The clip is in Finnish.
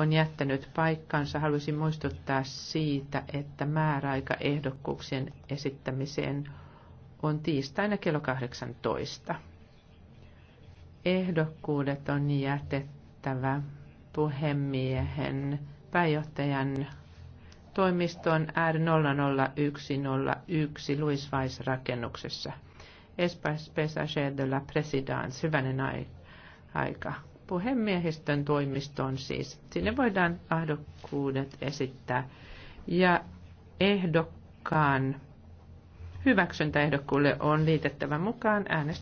on jättänyt paikkansa. Haluaisin muistuttaa siitä, että määräaika ehdokkuuksien esittämiseen on tiistaina kello 18. Ehdokkuudet on jätettävä puhemiehen pääjohtajan toimiston R00101 Louis Weiss rakennuksessa. Espace Pesage de la Presidence, hyvänen aika puhemiehistön toimistoon siis. Sinne voidaan ahdokkuudet esittää. Ja ehdokkaan hyväksyntäehdokkuille on liitettävä mukaan äänestys.